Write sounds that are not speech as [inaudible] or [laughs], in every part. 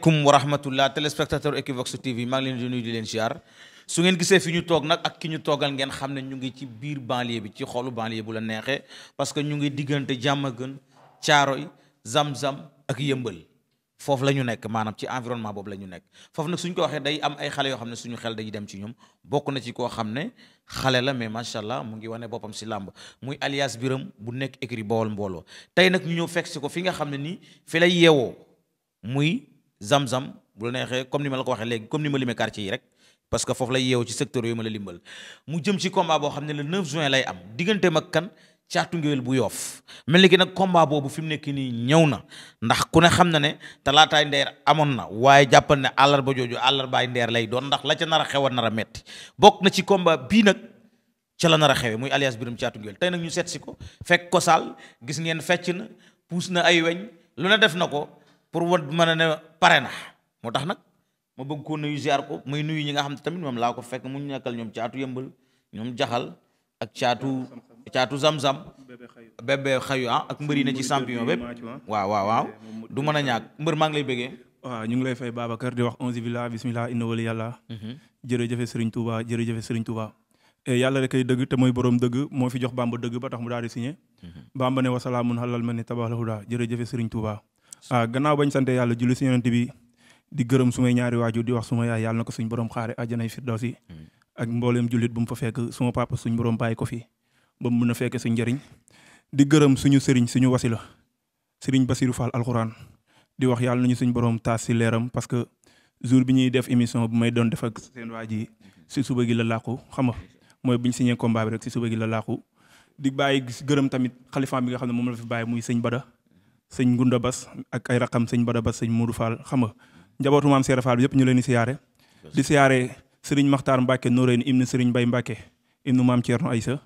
aleykum wa rahmatullah téléspectateur Equivox TV maa ngi leen di nuyu su ngeen gisee fi ñu toog nag ak ki ñu toogal ngeen xam ne ñu ngi ci biir banlieue bi ci xolu banlieue bu la neexee parce que ñu ngi diggante Diamaguène Thiaroye Zamzam ak Yëmbal foofu la ñu nekk maanaam ci environnement boobu la ñu nekk foofu nag suñ ko waxee day am ay xale yoo xam ne suñu xel day dem ci ñoom bokk na ci koo xam ne xale la mais macha allah mu ngi wane boppam si làmb muy alias Biram bu nekk écrit Bawol mbooloo tey nag ñëw fekk si ko fi nga xam ne nii fi lay yeewoo zam-zam bu la neexee comme ni ma la ko waxee léegi comme ni ma limee quartier yi rek parce que foofu lay yeewu ci secteur yooyu ma la limbal mu jëm ci combat boo xam ne le 9 juin lay am digganteem ak kan caatu ngéwél bu yoof mel ni nag combat boobu fi mu nekk nii ñëw na ndax ku ne xam na ne talaataay ndeer amoon na waaye jàppal ne àllarba jooju àllarbaay ndeer lay doon ndax la ca nar a xew nar a metti bokk na ci combat bii nag ca la nar a xewee muy alias biram caatu ngéwél tey nag ñu seet si ko fekk ko saal gis ngeen fecc na puus na ay weñ lu ne def na ko pour wat mën a ne pare na moo tax nag ma bëgg koo nuyu ziar ko may nuyu ñi nga xam ne tamit moom laa ko fekk mu nekkal ñoom caatu yëmbal ñoom jaxal ak caatu caatu zam-zam bébé xayu ah ak mbër yi ne ci champion bépp waaw waaw waaw du mën a ñàkk mbër maa ngi lay bëggee waaw ñu ngi lay fay baaba kër di wax onze billah bismillah inna wali yàlla mhm. jërëjëfe Serigne Touba jërëjëfe Serigne Touba eh, yàlla rek ay dëgg te mooy borom dëgg moo fi jox Bamba dëgg ba tax mu daal di signé mhm. Bamba ne wasalaamun xalal ma ne tabaxlahuda jërëjëfe Serigne Touba waaw ah, gannaaw bañ santee yàlla julli si yonent bi di gërëm sumay ñaari waajur di wax suma yaay yàlla na ko suñ borom xaare àjjanay firdawsi ak mbooleem jullit bu mu fa fekk suma papa suñ borom bàyyi ko fi ba mu mën a fekk suñ njëriñ di gërëm suñu sëriñ suñu wasila sëriñ Basiru Fall alxuraan di wax yàlla nañu suñ borom taas si leeram parce que jour bi ñuy def émission bu may doon def ak seen waa ji si suba gi la làqu xam nga mooy bu ñu signé combat bi rek si suba gi la làqu di bàyyi gërëm tamit xalifaam bi nga xam ne moom la fi bàyyi muy sëñ Bada sëñ Gunda Bas ak ay raqam sëñ Bada Bas sëñ Modou Fall xam nga njabootu maam Seera Fall bi yëpp ñu leen di siyaare di siyaare sëriñ Maxtaar Mbacke Noreen ibnu sëriñ Bay Mbacke ibnu maam Thierno Aïssa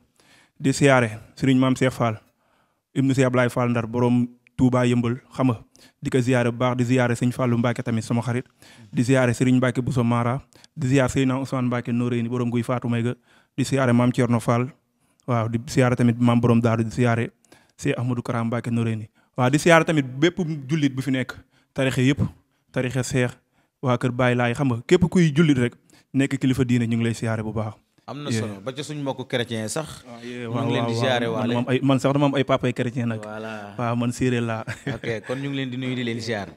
di siyaare sëriñ maam Cheikh Fall ibnu Cheikh Ablaye Fall Ndar borom Touba yëmbal xam nga di ko ziyaare bu baax di ziyaare sëñ Fallou Mbacke tamit sama xarit di ziyaare sëriñ Mbacke Bousso Mara di ziyaare sëriñ Ousmane Mbacke Noreen borom guy Fatou Mayga di siyaare maam Thierno Fall waaw di siyaare tamit maam borom daaru di siyaare Cheikh Ahmadou Karam waaw di siyaar tamit bépp jullit bu fi nekk tarixe yëpp tarixe seex waa kër Baay Laay xam nga képp kuy jullit rek nekk kilifa diine ñu ngi lay siyaare bu baax. am na solo ba ci suñ mbokku chrétien sax. Ah, ñu ngi leen di siyaare waale man man sax dama am ay papay nag. voilà man séeréer laa. [laughs] ok kon ñu ngi leen di nuyu di leen siyaar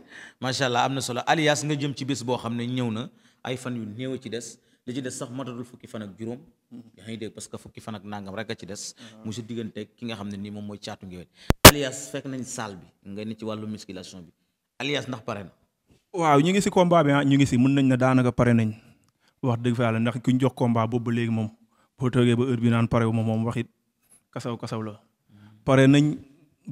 macha allah am na solo alias nga jëm ci bés boo xam ne ñëw na ay fan yu néew ci des. li ci des sax matatul fukki fan ak juróom mm-hmm. yaa ngi dégg parce que fukki fan ak nangam rek a ci des mu si diggante ki nga xam ne nii moom mooy caatu ngéwél alias fekk nañ saal bi nga ne ci wàllu musculation bi alias ndax pare na waaw ñu ngi si combat bi ah, ñu ngi si mën nañ ne daanaka pare nañ wax dëgg fa yàlla ndax ki ñu jox combat boobu ba léegi moom boo toogee ba heure bi naan pare wu ma moom waxit kasaw kasaw la mm-hmm. pare nañ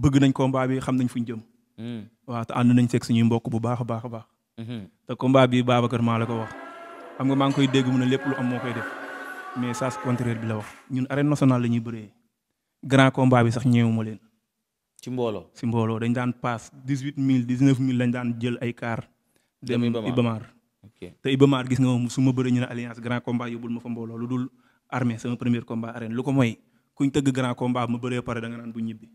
bëgg nañ combat bi xam nañ fu ñu jëm mm. waaw te ànd nañ seeg suñuy mbokk bu baax a baax a baax mm-hmm. te combat bi Babacar maa la ko wax am nga maa ngi koy dégg mu ne lépp lu am moo koy def mais sens contraire bi la wax ñun arène nationale la ñuy bëree grand combat bi sax ñëwuma leen. ci mbooloo ci mbooloo dañ daan paas dix huit mille dix neuf mille lañ daan jël ay car. dem Ibamar te Ibamar gis nga moom su ma bëree ñu ne alliance grand combat yóbbul ma fa mbooloo lu dul armée sama premier combat arène lu ko mooy kuñ tëgg grand combat ma bëree pare da nga naan bu ñibbi.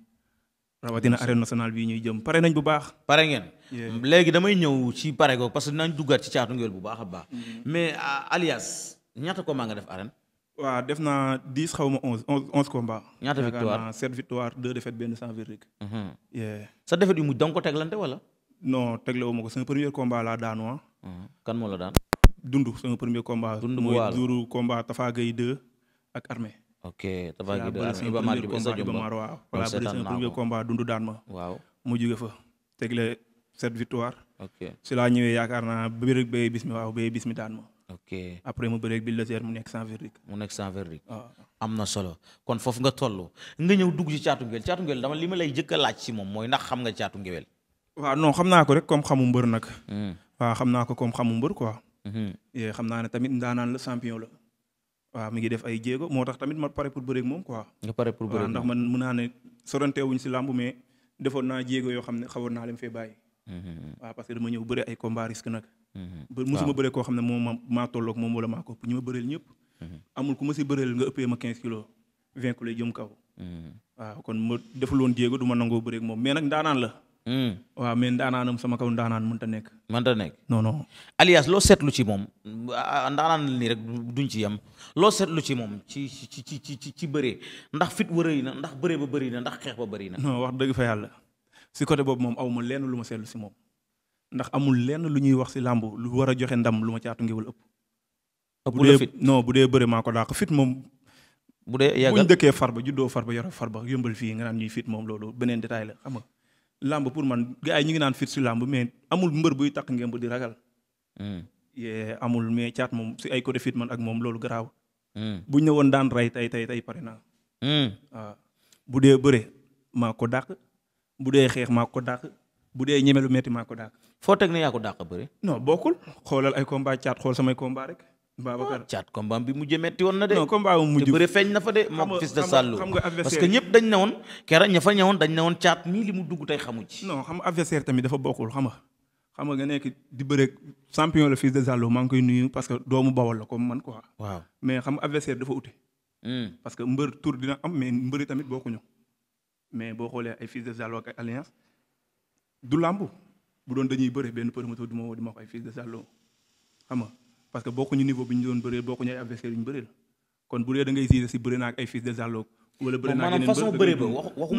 rawatina arène nationale bii ñuy jëm pare nañ bu baax. pare ngeen. léegi damay ñëw ci pare googu parce que dinañ duggaat ci caatu ngéwél bu baax a baax. Mm-hmm. mais euh, alias ñaata combat nga def arène. waaw def naa dix xaw ma onze onze combats. ñaata victoire sept victoire deux défaites benn sans verdict. Mm-hmm. sa défaite yu mujj da nga ko teglante wala. non teglewu ma ko sama premier combat laa daanu mm-hmm. kan moo la daan. dund sama premier combat. dund mooy juru ak armée ok tabax gi de ak Iba Mar Diop stade waaw. voilà bëri sama fa tegle sept victoire. ok si laa ñëwee yaakaar naa bëri bëy bis mi waaw bëy bis mi daan ma. ok après mu bëreeg bi laser mu nekk sans verdict. mu nekk sans verdict. am na solo kon foofu nga toll nga ñëw dugg ci caatu ngewel caatu ngewel dama li ma lay jëkk laaj si moom mooy ndax xam nga caatu ngewel. waa non xam naa ko rek comme xamu mbër nag. Hmm. waa xam naa ko comme xamu mbër quoi. Hmm. xam naa ne tamit ndaanaan la champion la. waaw mi ngi def ay jéego moo tax tamit ma pare pour bëreeg moom quoi. nga pare pour bëreeg ndax ma mën naa ne soranteewuñ si làmb mais defoon naa jéego yoo xam ne xawoon naa leen fee bàyyi. Mm-hmm. waaw parce que ñëw bëre ay combat risque nag. Mm-hmm. ba ma bëre koo xam ne moom maa tolloog moom wala maa ko ñi ma bëreel ñëpp. Mm-hmm. amul ku ma si bëreel nga ëppee ma kilo kilos 20 kilos jëm kaw. waaw kon ma defuloon jéego duma nangoo bëreek moom mais nag ndaanaan la. Hmm. waaw mais ndaanaanam sama kaw ndaanaan mënta nekk. mënta nekk non non. loo seetlu ci moom ah, ndaanaan la nii rek duñ ci yem loo seetlu ci moom ci ci ci ci ci bëree ndax fit ba rëy na ndax bëree ba bëri na ndax xeex ba bëri na. non wax dëgg fa yàlla si côté boobu moom aw ma lenn lu ma seetlu si moom ndax amul lenn lu ñuy wax si làmb lu war a joxe ndam lu ma caatu ngewul ëpp. ëpp la fit bu dee bëri maa ko dàq fit moom. bu dee yàggal bu ñu dëkkee farba juddoo farba far farba yëmbal fii nga naan ñuy fit moom loolu beneen détail la xam làmb pour man gars yi ñu ngi naan fit si làmb mais amul mbër buy takk ngeen bu di ragal. Hmm. yee amul mais caat moom si ay côté fit man ak moom loolu garaaw. Hmm. buñ ne woon daan rey tey tey tey pare naa. Hmm. Ah, bu dee bëre maa ko dàq bu dee xeex maa ko dàq bu dee ñeme lu metti maa ko dàq. foo teg ne yaa ko dàq bëre. non bokkul xoolal ay combat caat xool samay combat rek. Babacar caat combat bi mujj metti woon na de. non combat bu mujj te bëre feeñ na fa de. moom fils de Sallou parce que ñëpp dañ ne woon. keroog ña fa ñëwoon dañ ne woon caat mii li mu dugg tey xamu ci. non xam nga adversaire tamit dafa bokkul xam nga xam nga nga nekk di bëre champion le fils de Sallou maa ngi koy nuyu parce que doomu Bawol la comme man quoi. waaw mais xam nga adversaire dafa ute. Hmm. parce que mbër tur dina am mais mbëri tamit bokkuñu. mais boo xoolee ay fils de Sallou ak ay alliance du làmb bu doon dañuy bëre benn promoteur du ma woo di ma wax ay fils de Sallou xam nga parce que bokkuñu niveau bi ñu doon bëreel bokkuñu ay adversaire yu bëreel kon bu dee da ngay gisee si bëri naag ay fils de Zallo wala bëri naag yeneen façon bëree ba wax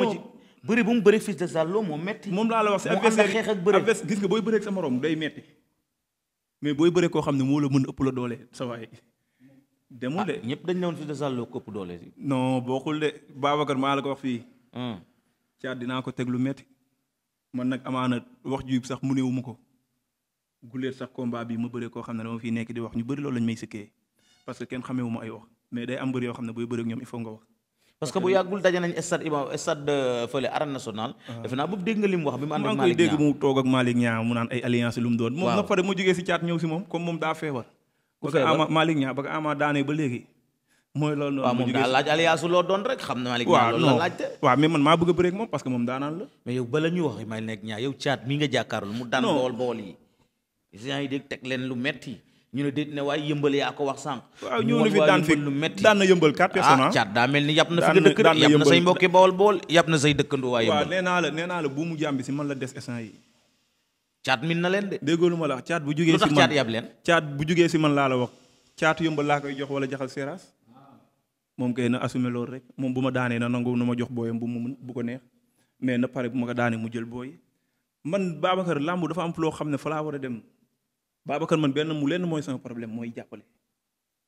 bu mu bëree fils de Zallo moo metti moom laa la wax si adversaire adversaire gis nga booy bëree ak sa morom day metti mais booy bëree koo xam ne moo la mën ëpp la doole sa waay demul de ah, ñëpp dañ ne woon fils de Zallo ko ëpp doole si non bokkul de Babacar maa la ko wax fii ah. caat dinaa ko teg lu metti man nag amaana wax ju sax mu néewu ma ko guleet sax combat bi ma bëree koo xam ne dama fi nekk di wax ñu bëri loolu may sëkkee parce que kenn xamee ay wax mais day am bëri yoo xam ne euh, ah. maa ngi koy dégg ak moom parce que moom daa laaj la mais yow bala ñu wax Malick Niang yow caat mi nga jàkkaarloo mu daan bool bool yi étudiants yi dégg teg leen lu metti ñu ne déet ne waaye yëmbal yaa ko wax sànq. waaw ñëw na fi daan metti daan na yëmbal quatre ah, personnes ah caat daa mel ni yàpp na fi nga dëkk yàpp na say mbokki bawol bool yàpp na say dëkkandoo waa yëmbal waaw nee naa bu mu jàmbi si man la des étudiants yi caat min na leen de lu ma la caat bu jugee si man caat yàpp leen bu jugee si man laa la wax caatu yëmbal laa koy jox wala jaxal seeraas moom kay na assumé loolu rek moom bu ma daanee na nangu na ma jox booyam bu mu bu ko neex mais na pare bu ma ko daanee mu jël booy man Babacar làmb dafa am loo xam ne fa laa war a dem Babacar man benn mu lenn mooy sama problème mooy jàppale.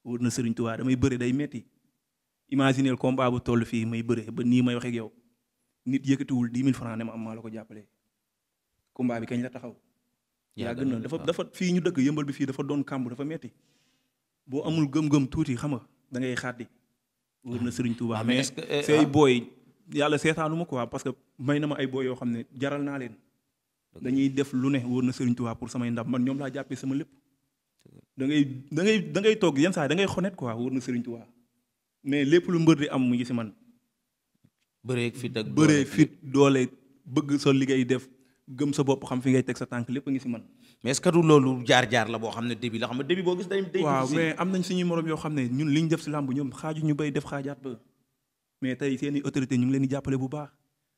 wóor na Serigne Touba damay bëre day metti imaginer combat bu toll fii may bëre ba nii may wax yow nit yëkkatiwul dix mille francs ne ma am maa la ko jàppale. combat bi kañ la taxaw. yaa gën na dafa dafa fii ñu dëkk yëmbal bi fii dafa doon kàmb dafa metti boo amul gëm-gëm tuuti xam nga da ngay xaati. na sëriñ Touba ah, mais eh, say ah. booy yàlla seetaanu ma quoi parce que may na ma ay booy yoo xam ne jaral naa leen. dañuy def lu ne wóor na Serigne Touba pour samay ndam man ñoom laa jàppee sama lépp da ngay da ngay da ngay toog yenn saa da ngay xonet quoi wóor na Serigne Touba mais lépp lu mbër di am mu ngi si man. bëree fit ak bëree fit doole bëgg sa liggéey def gëm sa bopp xam fi ngay teg sa tànk lépp a ngi si man. mais est-ce que du loolu jaar-jaar la boo xam ne début la xam ne début boo gis day. day waaw mais am nañ suñuy morom yoo xam ne ñun li ñu def si làmb ñoom xaaju ñu bay def xaajaat ba mais tey seen i autorité ñu ngi leen di jàppale bu baax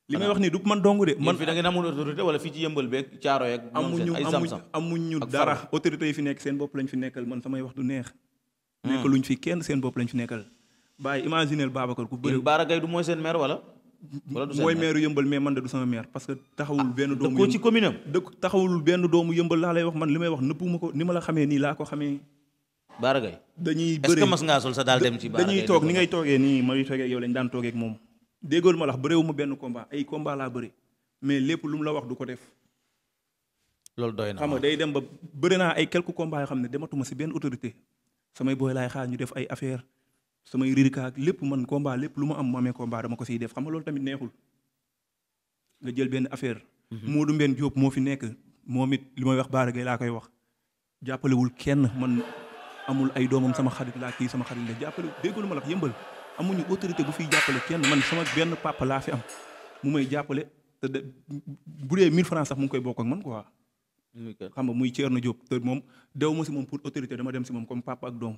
li ngay wax nii du man dong de. man fi da ngeen amul autorité wala fii ci yëmbal beeg caaro yeeg. amuñu dara autorité yi fi nekk seen bopp lañ fi nekkal man samay wax du neex. Hmm. nekkaluñ fi kenn seen bopp lañ fi nekkal. bàyyi imagineel Babacar ku bëri. Baara Gaye du mooy seen maire wala. wala du seen maire mooy maire yëmbal mais man de du sama maire parce que. taxawul ah, benn doomu dëkkoo ci commune taxawul benn doomu yëmbal laa lay wax man li may wax nëppuma ko ni ma la xamee nii laa ko xamee. Baara Gaye dañuy bëri est-ce que déggool ma lax wax ma benn combat ay combat laa bëri mais lépp lu mu la wax du ko def. loolu doy na xam nga day dem ba bëri naa ay quelques combats yoo xam ne dematuma si benn autorité samay booy laay xaar ñu def ay affaire samay ririkaak lépp man combat lépp lu ma am mu amee combat dama ko siy def xam nga loolu tamit neexul nga jël benn affaire. Mhm. Modou mbenn Diop moo fi nekk moom it li may wax Baara Gueye laa koy wax jàppalewul kenn man amul ay doomam sama xarit laa kii sama xarit la jàppale ma la yëmbal. amuñu autorité bu fiy jàppale kenn man sama benn papa laa fi am mu may jàppale te de bu dee 1000 francs sax mu koy bokk ak man quoi. xam nga muy Thierno Diop moom dew ma si moom pour autorité dama dem si moom comme papa ak doom.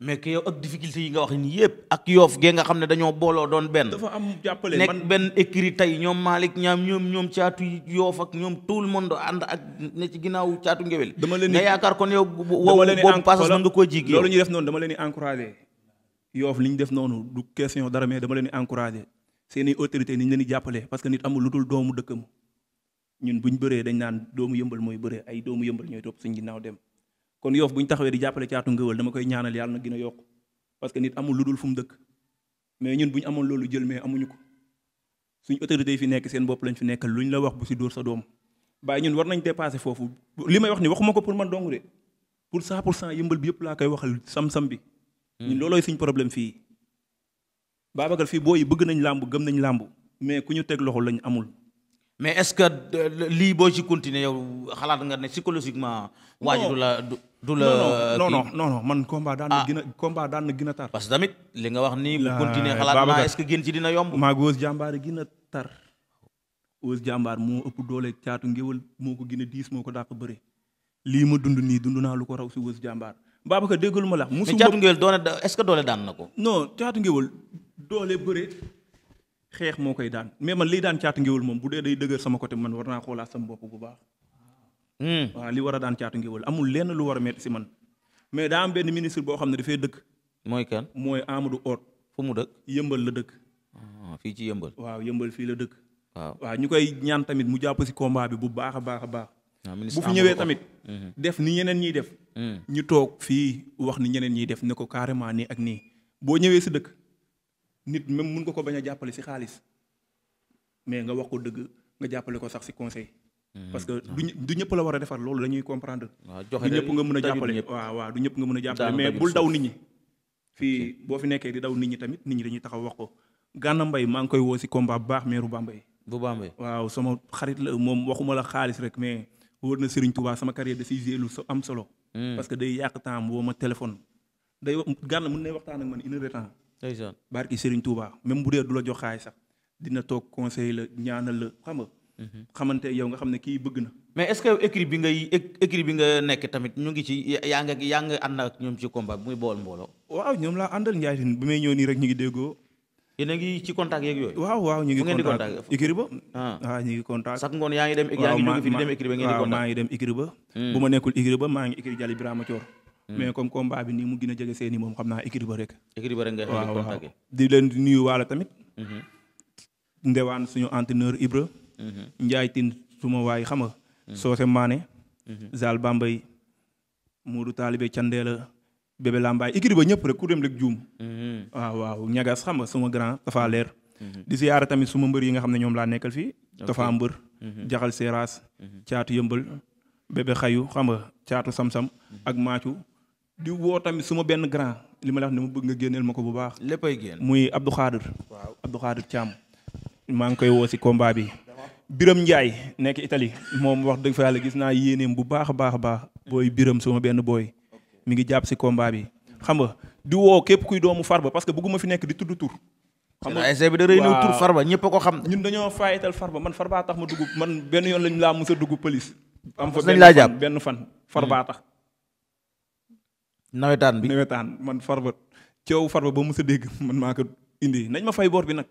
mais que yow ak wax nii ak yoof gee xam ne dañoo booloo doon benn. dafa am jàppale man nekk benn écrit tey ñoom Malick ñaam ñoom ñoom caatu yoof ak ñoom tout le monde ànd ak ne ci ginnaaw caatu ngewel. dama leen di nga yaakaar kon yow. dama leen di nga koo ji. loolu ñu def noonu dama leen di yoof li ñu def noonu du question dara mais dama leen di seeni autorité ni leen di jàppale parce que nit amul lu dul doomu dëkkam ñun bu ñu bëree dañ naan doomu yëmbal mooy bëree ay doomu yëmbal ñooy topp suñ ginnaaw dem kon yoof bu ñu taxawee di jàppale caatu ngëwal dama koy ñaanal yàlla na gën a yokk parce que nit amul lu dul fu mu dëkk mais ñun bu ñu amoon loolu jël mais amuñu ko suñ autorité yi fi nekk seen bopp lañ fi nekkal lu ñu la wax bu si dóor sa doom bàyyi ñun war nañ dépasser foofu li may wax ni waxuma ko pour man dong de pour 100 pour cent yëmbal bi yëpp laa koy waxal sam-sam bi ñun loolooy suñ problème fii Babacar fii booy yi bëgg nañ làmb gëm nañ làmb mais ku ñu teg loxo lañ amul. mais est-ce que euh, lii boo ci continuer yow xalaat nga ne psychologiquement. waaj du la du la. non non non non man combat daan na ah. gën a combat parce que tamit li nga wax nii. bu ce que génn ci dina yomb. maa jàmbaar gën a tar. jàmbaar moo ëpp doole caatu ngéwal moo ko gën moo ko dàq bëre. lii ma dund nii dund naa lu ko raw si góos jàmbaar. Babacar déggul ma la. musu caatu ngéwél doole est-ce que doole daan na ko. non caatu ngéwél doole bëre xeex moo koy daan mais man lii daan caatu ngéwél moom bu dee day dëgër sama côté man war naa xoolaat sama bopp bu baax. Hmm. waaw li war a daan caatu amul lenn lu war a metti si man mais daa am benn ministre boo xam ne dafay dëkk. mooy kan mooy Amadou Hott. fu mu dëkk yëmbal la dëkk. Ah, fii ci yëmbal. waaw yëmbal fii la dëkk. waaw waaw ñu mu jàpp si combat bu baax a baax a baax. bu fi ñëwee tamit. Mhm. def ni ñeneen ñiy def. Mhm. ñu toog fii wax ni ñeneen ñiy def ne ko carrément nii ak nii boo ñëwee si dëkk nit même mun ko ko bañ a jàppale si xaalis mais nga wax ko dëgg nga jàppale ko sax si conseil. Mhm. parce que du ñëpp la war a defar loolu dañuy comprendre. du ñëpp nga mun a jàppale waaw waaw du ñëpp nga mën a jàppale mais bul daw nit ñi. fii boo fi nekkee di daw nit ñi tamit nit ñi dañuy taxaw wax ko. Gana Mbaye maa ngi koy woo si combat bu baax meeru Bambey. bu Bambey waaw sama xarit moom la xaalis rek mais wóor na Serigne Touba sama carrière da siy géelu so am solo. Hmm. parce que day yàq temps woo ma téléphone. day gànn mën nay waxtaan ak man une heure barki Serigne Touba même bu dee du la jox xaay sax dina toog conseil la ñaanal la xam nga. Hmm. xamante yow nga xam ne kii bëgg na. mais est-ce que écrit bi ngay écrit bi nga nekk tamit ñu ngi ci yaa nga yaa nga ànd ak ñoom ci combat bu muy bool mbooloo. waaw ñoom laa àndal Ndiaye bi may ñëw nii rek ñu ngi déggoo. yéen a ci contact yeeg yooyu. waaw waaw ñu ngi contact ikiri ba waaw ah. ah, ñu ngi contact sax ngoon yaa ngi dem yaa maa ngi dem ikiri ba hmm. bu ma nekkul ikiri ba maa ngi ikiri jali Birama Coor hmm. mais comme combat bi ni mu gën a jege seeni moom xam naa ikiri ba rek ikiri ba rek di leen di nuyu waala tamit hmm. ndewaan suñu entraîneur Ibra Njaay Tin suma waay xam nga Soose Maane Zal Bambay Moodu Taalibe Candeela bébé Lambaay ikiri ba ñëpp rek ku dem rek juum. waaw mhm. ah, waaw ñagas xam nga sama grand dafa mhm. leer. Mhm. di siyaara tamit suma mbër yi nga xam ne ñoom laa nekkal fii. dafa mbër. jaxal seeraas. caatu yëmbal bébé xayu xam nga caatu sam-sam. ak maacu di woo tamit suma benn grand li ma la wax ne ma bëgg nga génneel ma ko bu baax. léppay génn muy Abdou Khadir. waaw Abdou Khadir Thiam. maa ngi koy woo si combat bi. Biram Ndiaye nekk itali moom wax dëgg fa yàlla gis naa yéeneem bu baax a baax a baax. booy Biram suma benn booy. mi ngi jàpp si combat bi xam nga di woo képp kuy doomu Farba parce que bëgguma fi nekk di tudd tur. xam nga da rëy na tur Farba ñëpp a ko xam. ñun dañoo faayital Farba man Farba tax ma dugg man yoon lañ laa mos a dugg police. am fa benn benn fan Farba hmm. tax. nawetaan bi nawetaan man ba coow Farba ba mos a dégg [laughs] man maa ko indi nañ ma fay boor bi nag.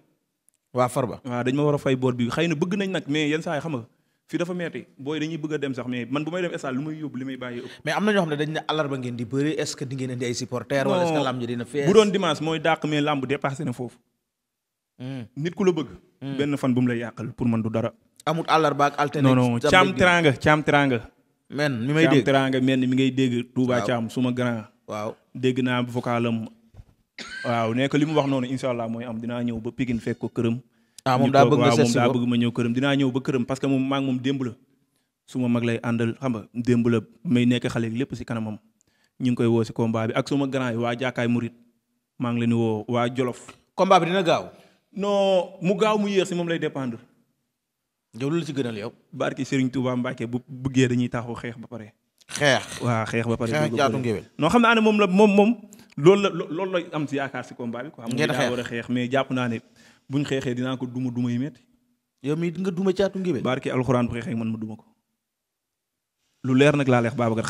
waa far Farba waaw dañ ma war a fay boor bi xëy na bëgg nañ nag mais yenn saa yi xam nga fii dafa metti booy dañuy bëgg dem sax mais man bu may dem stade lu may yóbbu li may bàyyi ëpp. mais am na ñoo xam ne dañ bu doon dimanche mooy dàq mais lamb dépassé na foofu. Hmm. nit ku la bëgg. Hmm. benn fan bu mu la yàqal pour man du dara. amut àllarba ak alterné. non non caam teranga caam teranga. men mi may dégg caam teranga men mi ngay dégg. Touba Caam suma grand. waaw dégg naa vocalam. waaw nee ko li mu wax noonu incha allah mooy am dinaa ñëw ba Pikine fekk ko këram ah moom daa bëgg nga seet ma ñëw këram dina ñëw ba këram parce que moom maa ngi moom démb la suma mag lay àndal xam nga démb la may nekk xale lépp si kanamam ñu ngi koy woo si combat bi ak suma grand yi waa Jaakaay Murit maa ngi leen di woo waa Jolof. combat bi dina gaaw. non mu gaaw mu yéex si moom lay dépendre. yow loolu ci gënal yow. barki Serigne Touba Mbacke bu bëggee dañuy taxaw xeex ba pare. xeex waaw xeex ba pare. xeex jaatu ngéwél non xam naa ne moom la moom moom loolu la loolu la am si yaakaar si combat bi. ngeen mu ngi daa war a xeex mais jàpp naa ne buñ xeexee dinaa ko duma duma yi metti yow mii nga duma caatu ngéwél barki alxuraan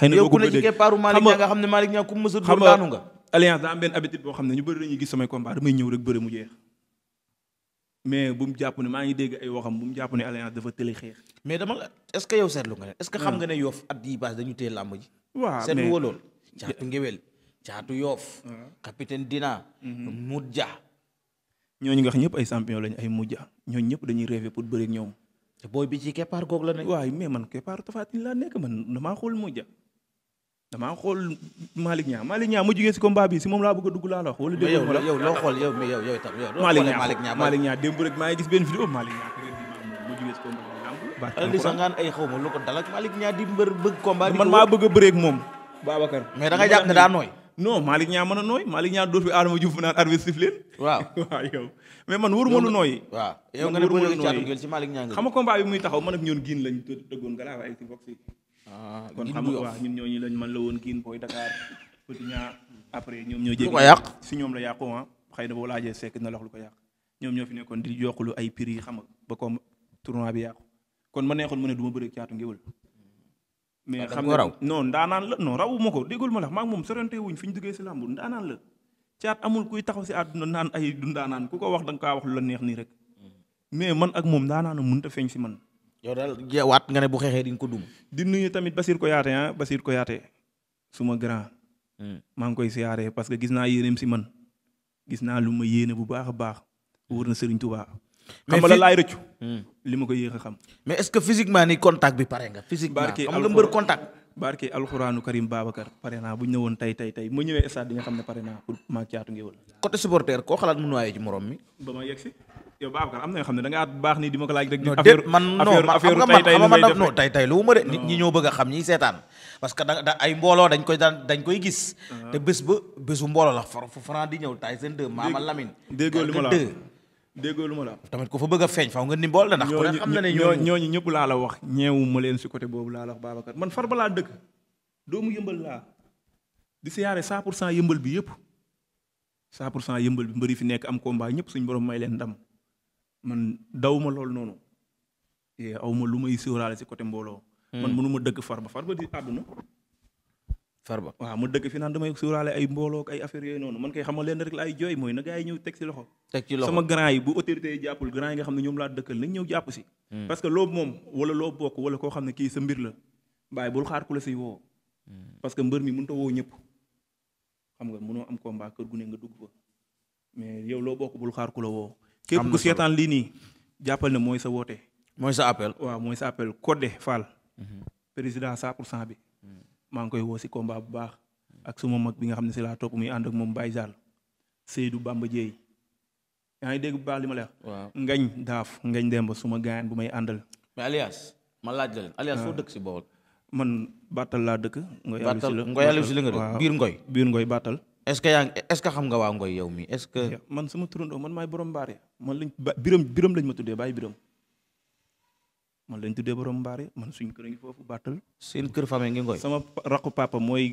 na yow ku ne ci keppaaru Malick bu jàpp ne maa ngi dégg ay waxam bu jàpp ne alliance dafa tële xeex mais dama la est-ce que yow seetlu nga ne est-ce que xam hmm. nga caatu yoof hmm. capitaine dina mut hmm. ja ñooñu nga xam ñëpp ay champion lañ ay mujja ñooñu ñëpp dañuy rêver pour bëri ñoom. te booy bi ci keppaar googu la ne. waaw man keppaar Tapha Tine laa nekk man damaa xool mujja damaa xool Malick Niang Malick Niang mu jugee si si moom la wax. wala déggoo ma la yow loo xool yow mais yow yow tam yow. maa ngi gis benn vidéo Malick Niang mu jugee si combat bi. ay xaw ma lu ko dal ak Malick Niang di man maa bëgg a bëreeg moom Babacar mais da nga jàpp ne daa nooy non Malick Niang mën a nooy Malick Niang dóor fi Adama Diouf naan arbitre siffle waaw [laughs] waaw yow mais man wóoruma lu nooy. waaw yow nga ne bëri na caatu ngeen ci Malick Niang xam nga combat bi muy taxaw man ak ñoon giin lañ dëggoon nga laa ay si box yi. Ah, kon xam nga waaw ñun ñoom ñoo. lu ko yàq si ñoom la yàqu ah xëy na boo laajee sekk na lox lu ko yàq ñoom ñoo fi nekkoon di joxlu ay prix yi xam nga ba comme tournoi bi yàqu kon ma neexoon mu ne du ma bëri caatu ngéwël mais ah, xam nga raw non ndaanaan la no rawu ma ko déggul ma la maa ngi moom sorante wuñ fi ñu duggee si làmbu ndaanaan la caat amul kuy taxaw si àdduna naan ay du ndaanaan ku ko wax da nga kaa wax lu la neex nii rek mm. mais man ak moom ndaanaan mënut a feeñ si man. yow daal waat nga ne bu xeexee di nga ko dum. di nuyu tamit Basir Koyaate ah ko yaate suma grand. Mm. maa ngi koy siyaaree parce que gis naa yéeneem si man gis naa lu ma yéene bu baax a baax wóor na Serigne Touba mais xam nga laay rëccu. Hmm. li ma ko yéex a xam. mais est-ce que physiquement ni contact bi pare nga. physiquement xam nga mbër contact. barke tey tey tey ma ñëwee stade bi nga xam ne pare naa pour maa caatu ngéwël. côté supporter koo xalaat mu noyyee am na yoo xam ne da ngaa baax ni di ma ko laaj rek. affaire affaire tey tey lu may ma de nit ñi ñoo bëgg a xam ñiy seetaan. parce que ay mbooloo dañ koy daan dañ koy gis. Ah. te bés ba bésu mbooloo la faram fu Franc di ñëw Tyson 2 Mama Lamine. déggoo li ma déggoo lu ma la tamit ku fa bëgg a feeñ faaw nga ni bool la ndax ku ne xam na ñooñu ñooñu ñëpp laa la wax ñeewu ma leen si côté boobu laa la wax Babacar man Farba laa dëkk doomu yëmbal laa di siyaare saa pour cent yëmbal bi yëpp 100 pour cent yëmbal bi mbëri fi nekk am combat ñëpp suñ borom may leen ndam man dawuma loolu noonu eh, awma lu may sóoraale si côté mbooloo hmm. man mënuma dëkk far Farba di àdduna farba waaw mu dëkk fi naan damay suuraale ay mbooloo ay affaire yooyu noonu man kay xam nga leen rek la ay jooy mooy na gars yi ñëw teg ci loxo teg ci loxo sama grand yi bu autorité yi hmm. que loo moom wala loo bokk wala koo xam ne kii sa mbir la bàyyi bul xaar la si woo hmm. parce que mbër mi mënut a woo ñëpp xam nga mënoo am combat kër gu ne nga dugg fa mais yow loo bokk bul xaar ku la woo képp ku seetaan lii nii jàppal na mooy sa woote mooy sa appel waaw mooy sa appel Codé Fall hmm. président 100 pour cent bi maa ngi koy woo si combat bu baax ak suma mag bi nga xam ne si laa topp muy ànd ak moom Baye Sall Seydou Bamba Dieye yaa ngi dégg bu baax li ma la wax. ngañ daaf ngañ demba suma gaayan bu may àndal. ma laaj la leen alias foo ah. dëkk si man Battal laa dëkk. Ngoy Aliou si la Ngoy Aliou si la nga dëkk biir Ngoy. biir Ngoy Battal. est-ce que yaa est xam nga waa Ngoy yow mi est-ce que. man sama turandoo man maay borom mbaare man lañ ba biram lañ ma tuddee bàyyi biram man lañ tuddee borom mbaare man suñ kër ngi foofu battal seen kër famille ngi ngoy sama raqu papa mooy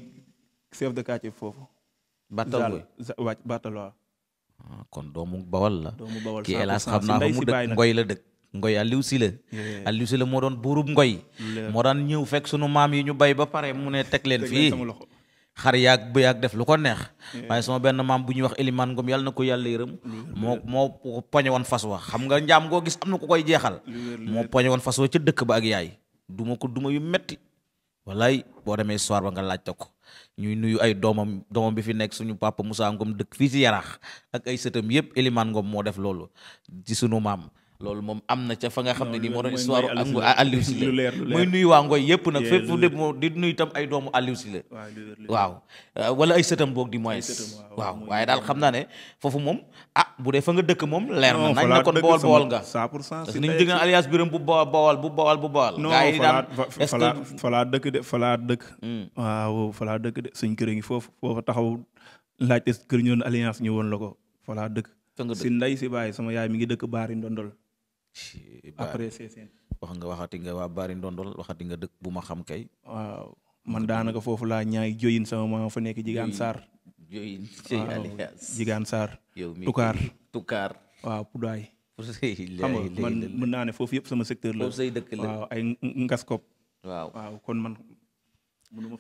chef de quartier foofu. battal ngoy wàcc battal waaw. Ah, kon doomu bawal la. doomu bawal kii hélas xam naa ko mu dëkk ngoy la dëkk. ngoy Aliou Sy la Aliou Sy la moo doon buurub ngoy moo daan ñëw fekk sunu maam yi ñu bay ba pare mu ne teg leen fii. xar yaag bëy yaag def lu ko neex waaye sama benn maam bu ñuy wax Eliman Ngom yàlla na ko yàlla yërëm moo moo poñe woon fas wa xam nga njaam goo gis am na ko koy jeexal moo poñe woon fas wa ca dëkk ba ak yaay duma ko duma yu metti wallaay boo demee soir ba nga laajte ko ñuy nuyu ay doomam doomam bi fi nekk suñu papa Moussa Ngom dëkk fii si Yaraax ak ay sëtam yëpp Eliman Ngom moo def loolu ci sunu maam loolu moom am na ca fa nga xam ne nii moo doon histoire ak Aliou Sile muy waa Ngoy yëpp nag fépp fu moo di nuyu tam ay doomu si Sile waaw uh, wala ay sëtam boog di moins waaw waaye daal xam naa ne foofu moom ah bu dee fa nga dëkk moom leer na nañ na kon bool bool pour cent parce biram bu bool bool bu bool bu bool gaa yi daal est dëkk de falaa dëkk mm. waaw falaa dëkk de suñ kër ngi foofu foofu taxaw laajte kër ñoo doon alliance ñu woon la ko falaa dëkk si nday si baay sama yaay mi ngi dëkk baari ndondol après Cessene. wax nga waxati Bari Ndondol waxati dëkk bu ma xam kay. waaw man daanaka foofu laa ñaay joyin sama maam fa nekk Jigaan Sarr. joyin Sey Tukaar Tukaar. waaw Poudaay. man mën naa ne foofu yëpp sama secteur la. foofu say dëkk waaw ay ngaskop. waaw kon man.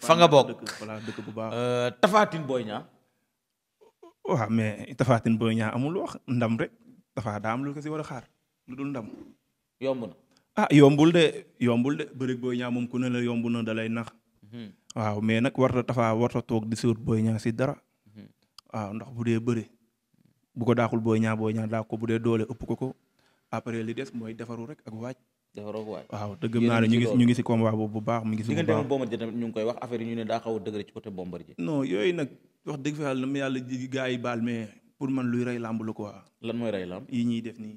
fa nga bokk euh, Boy Niang. waaw mais Boy Niang amul wax ndam rek Tafa daa am lu ko si war a xaar. lu dul ndam. yomb na ah yombul de yombul de bëri booy ñaa moom ku ne la yomb na da lay nax. Mhm. waaw mais nag warta tafaa warta toog di suut booy ñaa si dara. waaw mhm. ah, ndax bu dee bëri bu ko daaxul booy ñaa booy ñaa daa ko bu dee doole ëpp ko ko après li des mooy defaru rek ak waaj. defaroo ko waay waaw te gëm naa ne ñu ngi ñu ngi si combat boobu bu baax a dëgër ci côté bombardier non dëgg fa yàlla na ma yàlla ji gars yi baal mais pour man luy rey làmb la quoi. lan mooy rey làmb. yi ñuy def nii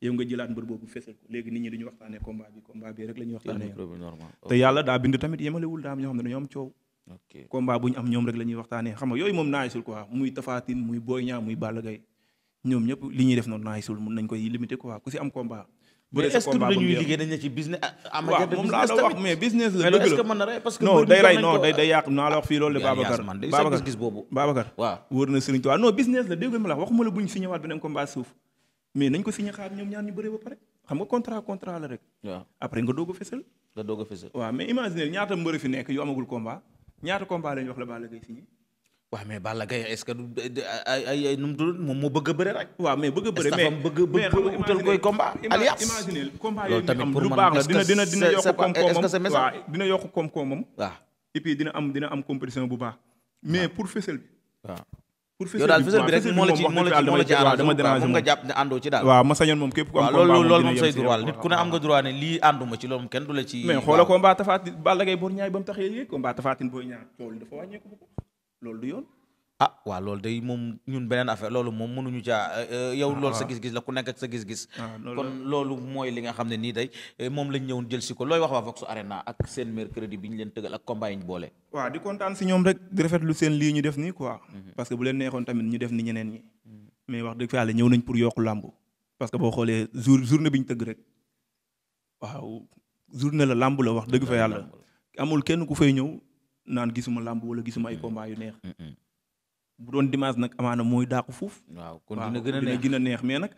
yow nga jëlaat mbër boobu fesal ko léegi nit ñi duñu waxtaanee combat bi combat bi rek la waxtaanee te yàlla daa bind tamit yemalewul daa am ñoo xam ne dañoo am coow combat bu am ñoom rek la waxtaanee xam ne ah, ah, day ray non day day naa la wax fii loolu de Babacar Babacar gis na Serigne Touba non business la dégg ma la waxuma la bu fi ñëwaat beneen combat suuf mais nañ ko signé xaar ñoom ñaar ñu bëre ba pare xam nga contrat contrat la rek. waaw après nga doog a fësal. nga doog a fësal waaw mais imaginer ñaata mbër fi nekk yu amagul combat ñaata combat lañ wax la Balla Gaye signé. waaw mais Balla Gaye est-ce que du ay ay ay nu mu tudd moom moo bëgg a bëre rek. waaw mais bëgg a bëre mais bëgg bëgg utal koy combat. alliance imaginer combat yooyu ñu am lu baax la dina dina dina yokk koom-koomam waaw dina yokk koom-koomam. waaw et puis dina am dina am compétition bu baax. mais pour fësal bi waaw pour yow daal fësal bi rek moo la ci moo la ci moo la ci arrangé moom moom képp ku am loolu loolu moom say droit nit ku ne am nga droit ne du yoon ah waa loolu day moom ñun beneen affaire loolu moom mënuñu caa eh, eh, yow loolu sa ah. gis-gis la ku nekk ak sa gis-gis ah, kon loolu mooy li nga xam ne nii day eh, moom lañ ñëwoon jël si ko looy wax waa Vox Arena ak seen mercredi bi ñu leen tëgal ak combat yi ñu boole waaw di kontaan si ñoom rek di seen lii ñu def nii quoi mhm. parce que bu leen neexoon tamit ñu def ni ñeneen mhm. mais wax dëgg fa yàlla ñëw nañ pour yokku làmb parce que boo xoolee jour journée bi ñu tëgg rek waaw journée la làmb la wax dëgg fa yàlla amul kenn ku fay ñëw naan gisuma làmb wala gisuma ay mhm. combat yu neex bu doon dimanche nag amaana mooy dàq foofu waaw kon dina gën a neex dina a neex mais nag.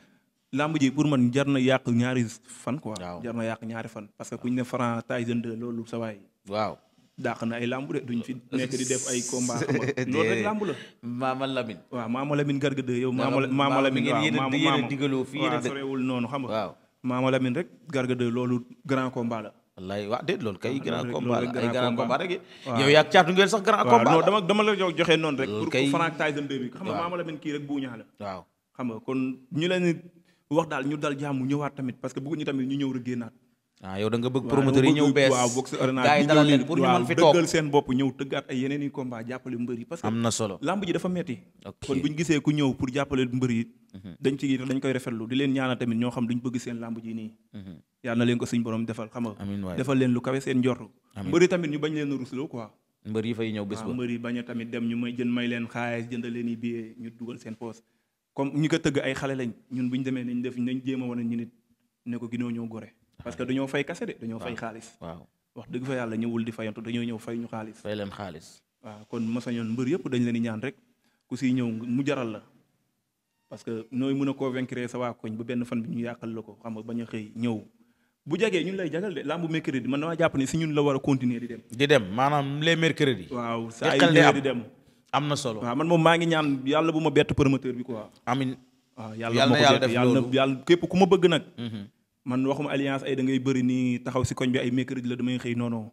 lamb ji pour man jar na yàq ñaari fan quoi. jar yàq ñaari fan. parce que kuñ ne Franc Tyson 2 loolu sa waay. waaw dàq na ay lamb de duñ fi nekk di def ay combat xam nga [laughs] loolu rek lamb la. Maama Lamine. waaw Maama Lamine Garga 2 yow. Maama Maama Lamine waaw Maama Maama waaw sorewul noonu xam nga. waaw Maama Lamine rek Garga loolu grand combat la. wallaay waaw déet loolu kay ah, grand combat la ay grand combat rek yow yaa caatu ngeen sax grand combat non dama dama la joxe noonu rek pour Frank Tyson 2 bi xam nga la benn kii rek bu ñaala waaw xam kon ñu leen wax daal ñu dal jàmm ñëwaat tamit parce que bëgg ñu tamit ñu ñëw rek génnaat ah yow da nga bëgg promoteur yi ñëw bees waaw boxe arena gars yi ñu i combat jàppale mbër yi parce que am na solo lamb ku ñëw pour jàppale mbër yi mhm. dañ ci dañ koy di leen ñaanal tamit ñoo xam duñ bëgg seen lamb ji nii mhm. yàlla na leen ko suñ borom defal leen lu kawe seen njort mbër tamit ñu bañ leen rusloo quoi mbër yi fay ñëw yi bañ tamit dem ñu may jën may leen xaalis jënd leen yi billet ñu dugal seen poos comme ñi ko tëgg ay xale lañ ñun bu ñu demee nañ def nañ jéem a wane ñu nit ne ko ginoo ñoo gore parce que dañoo fay kase de dañoo fay xaalis waaw wax dëgg fa yàlla ñëwul di fayantu dañoo ñëw fay ñu xaalis fay leen xaalis waaw kon masañoon mbër yëpp dañ leen di ñaan rek ku siy ñëw mu jaral la parce que nooy mën a convaincre sa waa koñ ba benn fan bi ñu yàqal la ko xam nga bañ a xëy ñëw bu jagee ñun lay jagal de lambu mercredi man damaa jàpp ne si ñun la war a continuer di dem di dem maanaam les mercredi waaw saa yi di dem am na solo waaw man moom maa ngi ñaan yàlla bu ma bett promoteur bi quoi amin waaw yàlla yàlla képp ku ma bëgg nag mhm. man waxuma alliance ay da ngay bëri nii taxaw si koñ bi ay mercredi la damay xëy noonu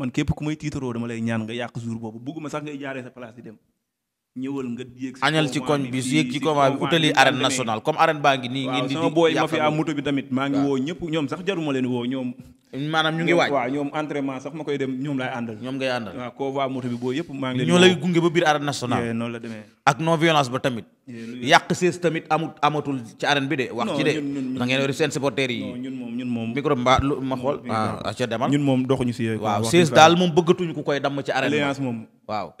man képp ku may tiitaroo dama lay ñaan nga yàq jour boobu bugguma sax ngay jaaree sa place di dem ñëwal nga yéeg añal ci koñ bi yéeg ci combat bi utali arène nationale comme arène baa ngi nii ngeen di di sama booy ma fi am moto bi tamit maa ngi woo ñëpp ñoom sax jaruma leen woo ñoom maanaam ñu ngi waaj waaw ñoom entraînement sax ma koy dem ñoom lay gunge ba biir arène nationale noonu la demee ak non violence ba tamit yàq sees tamit amut amatul ci arène bi de wax ci de da ngeen si yooyu waaw sees daal moom bëggatuñu ku koy damm ci arène alliance waaw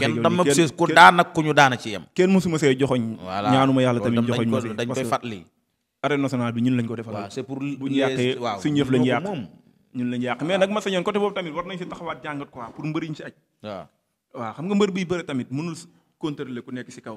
kenn damm sees ku daan ku ñu daana ci yem kenn mosuma see joxoñ ñaanuma yàlla tamit joxoñ ma dañ koy fàttali arène nationale bi ñun lañ ko defal. waaw c'est pour bu ñu yàqee suñu yëf lañ yàq ñun lañ yàq mais nag ma sañoon côté boobu tamit war nañ si taxawaat jàngat quoi pour mbëriñ si aj waa xam nga mbër biy bëre tamit mënul contrôler ku nekk si kaw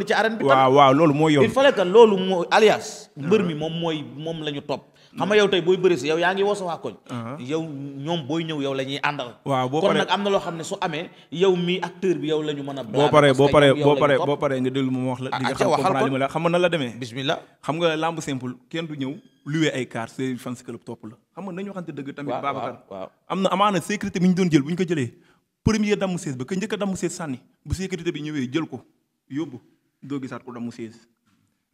indi ci arène bi. waaw loolu mooy yoon il fallait que loolu moo alias. mbër mi moom mooy moom la ñu topp. xam nga yow tey booy bëri si yow yaa ngi woo sa waa koñ. Uh-huh. yow ñoom booy ñëw yow la ñuy àndal. waaw boo paree kon na loo xam ne su amee yow mi acteur bi yow la ñu mën a. boo paree boo paree boo paree boo paree nga déglu ma wax la. di ah, nga xam xam nga nan la demee. bismillah xam nga lamb simple kenn du ñëw. luwee ay car c'est fans club topp la. xam nga nañu waxante dëgg tamit. Babacar waaw am na amaana sécurité bi ñu doon jël bu ñu ko jëlee. premier damm sees ba ka njëkk a damm sees sànni bu sécurité bi ñëwee jël ko yóbbu doo gisaat ku damm siis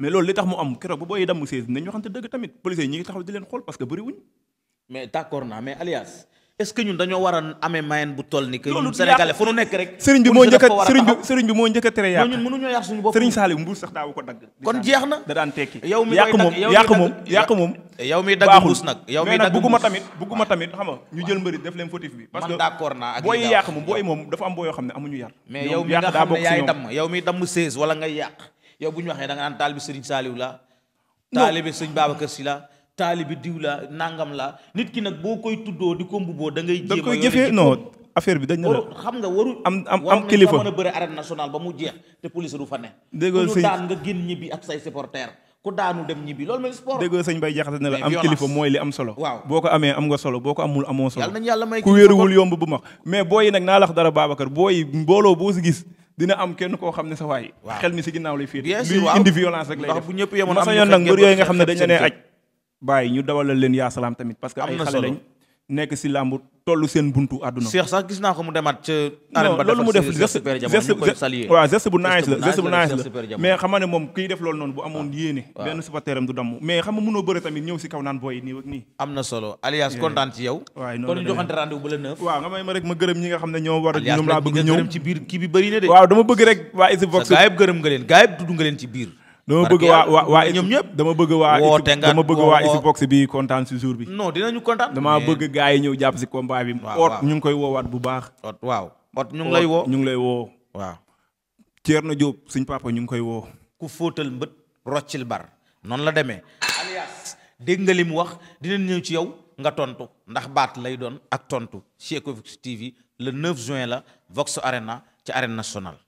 mais loolu li tax mu am keroog bu booy damm siis nañ waxante dëgg tamit police yi ñi taxaw di leen xool parce que bëri wuñ mais d'accord naa mais alias est-ce que ñun dañoo war a amee moyen bu toll ni que ñun sëriñ bi moo njëkk a sëriñ bi sëriñ bi moo njëkk a suñu bopp sëriñ Saliou mbuus sax daawu ko dagg kon jeex na daan tekki yow moom yàq moom yàq moom yow mi xam nga ñu jël mbëri def leen fautif bi parce que man d'accord naa moom dafa am booy yoo xam ne amuñu yar mais yow mi nga xam ne yaay damm yow mi damm seize sëriñ Saliou la taalibi sëriñ Babacar Si la taalibi diw la nangam la nit ki nag boo koy tuddoo di ko mbubboo da ngay. jéem a koy jëfee affaire bi dañ ne la xam nga waru. am am am kilifa a mu jeex te police du fa ne. déggoo sëñ daan nga génn ñibbi ak say supporters ku mooy li am solo. boo ko amee nga solo boo amul amoo solo. yàlla nañu yàlla ku wéeruwul yomb bu max mais booy nag naa lax dara Babacar booy mbooloo boo si gis. dina am kenn koo xam ne sa waay. xel mi si ginnaaw lay fii. bien sûr waaw bu ñëpp yemoon am sa yoon nag mbir yooyu nga xam ne dañ la nee aj bàyyi ñu dawalal leen yaa salaam tamit parce que ay na lañ nekk si làmb loolu mu def geste bu nice la mais xam nga moom kiy def loolu noonu bu amoon ah, yéene benn supporteram du damm mais xam nga mënoo tamit ñëw si kaw naan booy nii ak nii am na solo alias eh. kontaan ci yow waay nga may ma rek ma gërëm ñi nga xam ne ñoo war a ñoom laa bëgg ñëw ci dama bëgg rek waa Equivox gaayib gërëm nga leen gaayib tudd nga leen ci biir dama bëgg waa waa waa ñoom ñëpp dama bëgg waa woote nga dama bëgg waa Equivox bi kontaan si jour bi non dinañu kontaan dama bëgg gars yi ñëw jàpp si combat bi oot ñu ngi koy woowaat bu baax oot waaw oot ñu ngi lay woo ñu ngi lay woo waaw Thierno Diop suñ papa ñu ngi koy woo ku fóotal mbët roccil bar noonu la demee alias dégg nga li mu wax dinañ ñëw ci yow nga tontu ndax baat lay doon ak tontu ci Equivox TV le 9 juin la Vox Arena ci arène nationale